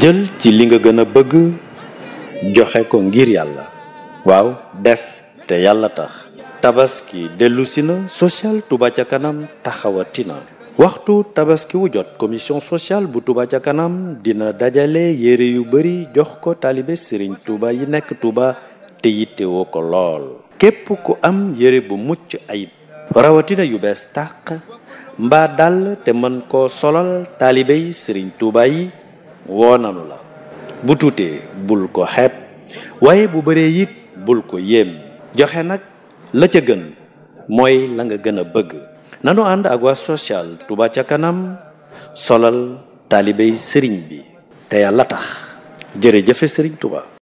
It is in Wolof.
jël ci li nga gën a bëgg joxe ko ngir yàlla waaw def te yàlla tax tabaski dellusi na social Touba ca kanam taxawatina waxtu tabaskiwu jot commission sociale bu Touba ca kanam dina dajale yére yu bari jox ko taalibe Serigne Touba yi nekk Touba te yittewoo ko lool képp ku am yére bu mucc ayib rawatina yu bees tàq mbaa dal te mën koo solal taalibe yi Serigne yi woo nanu la bu tuutee bul ko xeeb waaye bu bëree it bul ko yéem joxe nag la ca gën mooy la nga gën a bëgg nanu ànd ak waa social Touba ca kanam solal taalibey sëriñ bi te yàlla tax jërëjëfe sëriñ Touba